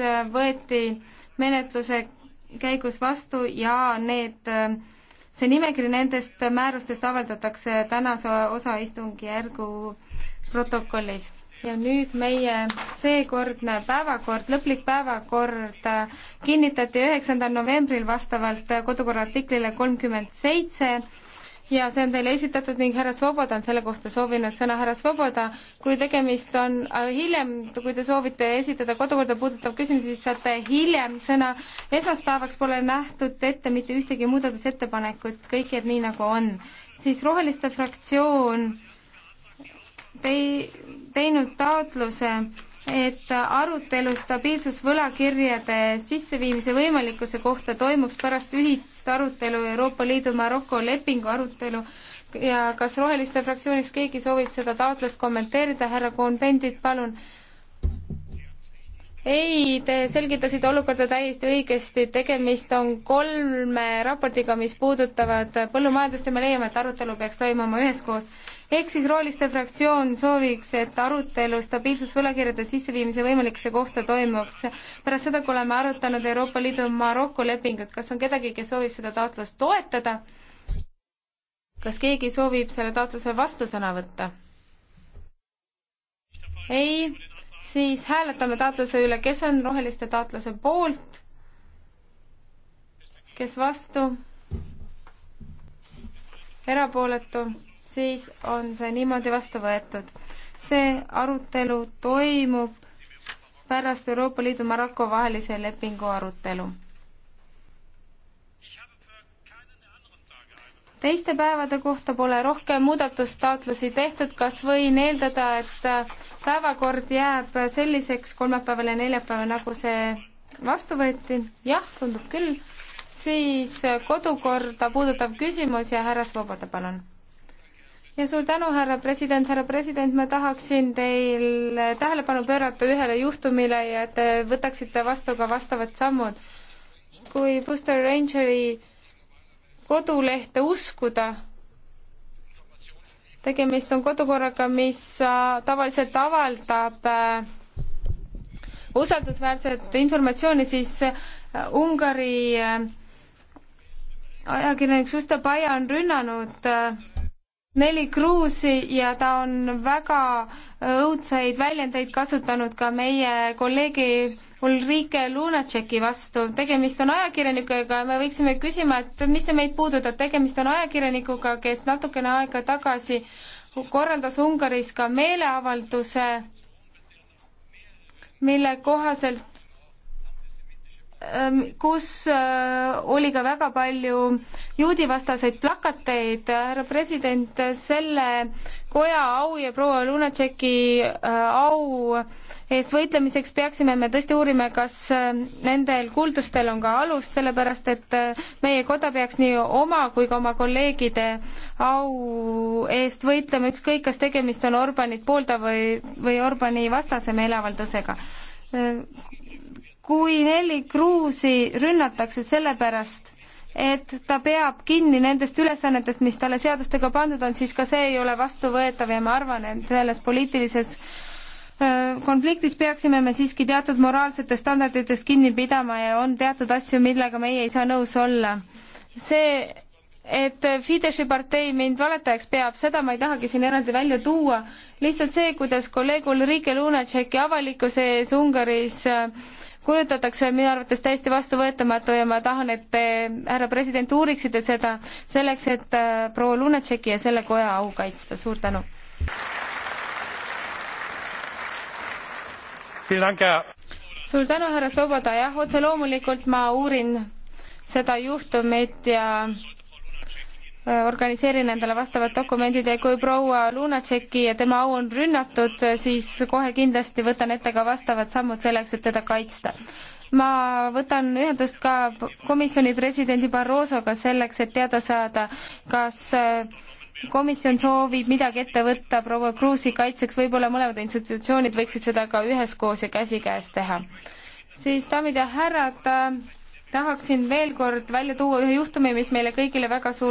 Äh, võeti menetluse käigus vastu ja need, äh, see nimekiri nendest määrustest avaldatakse tänase osa istungijärgu protokollis. ja nüüd meie seekordne päevakord, lõplik päevakord äh, kinnitati üheksandal novembril vastavalt kodukorra artiklile kolmkümmend seitse ja see on teile esitatud ning härra Svoboda on selle kohta soovinud sõna. härra Svoboda, kui tegemist on äh, hiljem, kui te soovite esitada kodukorda puudutav küsimus, siis saate hiljem sõna. esmaspäevaks pole nähtud ette mitte ühtegi muudatusettepanekut, kõik jääb nii, nagu on. siis Roheliste fraktsioon tei-, teinud taotluse et arutelu stabiilsusvõlakirjade sisseviimise võimalikkuse kohta toimuks pärast ühist arutelu Euroopa Liidu Maroko lepingu arutelu ja kas Roheliste fraktsioonist keegi soovib seda taotlust kommenteerida, härra Kohn-Pendit, palun ei, te selgitasite olukorda täiesti õigesti, tegemist on kolme raportiga, mis puudutavad põllumajandust ja me leiame, et arutelu peaks toimuma üheskoos. ehk siis Rooliste fraktsioon sooviks, et arutelu stabiilsusvõlakirjade sisseviimise võimalikkuse kohta toimuks pärast seda, kui oleme arutanud Euroopa Liidu Maroko lepingut. kas on kedagi, kes soovib seda taotlust toetada? kas keegi soovib selle taotluse vastusõna võtta? ei siis hääletame taotluse üle, kes on roheliste taotluse poolt, kes vastu, erapooletu, siis on see niimoodi vastu võetud. see arutelu toimub pärast Euroopa Liidu Maroko vahelise lepingu arutelu teiste päevade kohta pole rohkem muudatustaotlusi tehtud, kas võin eeldada, et päevakord jääb selliseks kolmapäeval ja neljapäeval, nagu see vastu võeti? jah, tundub küll. siis kodukorda puudutav küsimus ja härra Svoboda, palun. ja suur tänu, härra president, härra president, ma tahaksin teil tähelepanu pöörata ühele juhtumile ja et te võtaksite vastu ka vastavad sammud. kui Buster Rangeri kodulehte uskuda. tegemist on kodukorraga, mis äh, tavaliselt avaldab äh, usaldusväärset informatsiooni, siis äh, Ungari ajakirjanik Šustabaja on rünnanud neli kruusi ja ta on väga õudsaid väljendeid kasutanud ka meie kolleegi Ulrike Lunatšeki vastu. tegemist on ajakirjanikuga ja me võiksime küsima, et mis see meid puudutab, tegemist on ajakirjanikuga, kes natukene aega tagasi korraldas Ungaris ka meeleavalduse, mille kohaselt Ehm, kus äh, oli ka väga palju juudivastaseid plakateid. härra president, selle koja au ja proua Lunatšeki äh, au eest võitlemiseks peaksime me tõesti uurima, kas äh, nendel kuuldustel on ka alust, sellepärast et meie koda peaks nii oma kui ka oma kolleegide au eest võitlema, ükskõik, kas tegemist on Orbanit poolda või, või Orbani vastase meeleavaldusega kui Nelli Kruusi rünnatakse sellepärast, et ta peab kinni nendest ülesannetest, mis talle seadustega pandud on, siis ka see ei ole vastuvõetav ja ma arvan, et selles poliitilises äh, konfliktis peaksime me siiski teatud moraalsetest standarditest kinni pidama ja on teatud asju, millega meie ei saa nõus olla. see et Fideszi partei mind valetajaks peab, seda ma ei tahagi siin eraldi välja tuua. lihtsalt see, kuidas kolleeg Ulrike Lunatšeki avalikkuse ees Ungaris äh, kujutatakse minu arvates täiesti vastuvõetamatu ja ma tahan, et te, härra president, uuriksite seda selleks, et äh, proua Lunatšeki ja selle koja au kaitsta. suur tänu. suur tänu, härra Soboda, jah, otse loomulikult ma uurin seda juhtumit ja Äh, organiseerin endale vastavad dokumendid ja kui proua Lunatšeki ja tema au on rünnatud, siis kohe kindlasti võtan ette ka vastavad sammud selleks, et teda kaitsta. ma võtan ühendust ka komisjoni presidendi Barrosoga selleks, et teada saada, kas äh, komisjon soovib midagi ette võtta proua Kruusi kaitseks, võib-olla mõlemad institutsioonid võiksid seda ka üheskoos ja käsikäes teha. siis daamid ja härrad, äh, tahaksin veel kord välja tuua ühe juhtumi, mis meile kõigile väga suur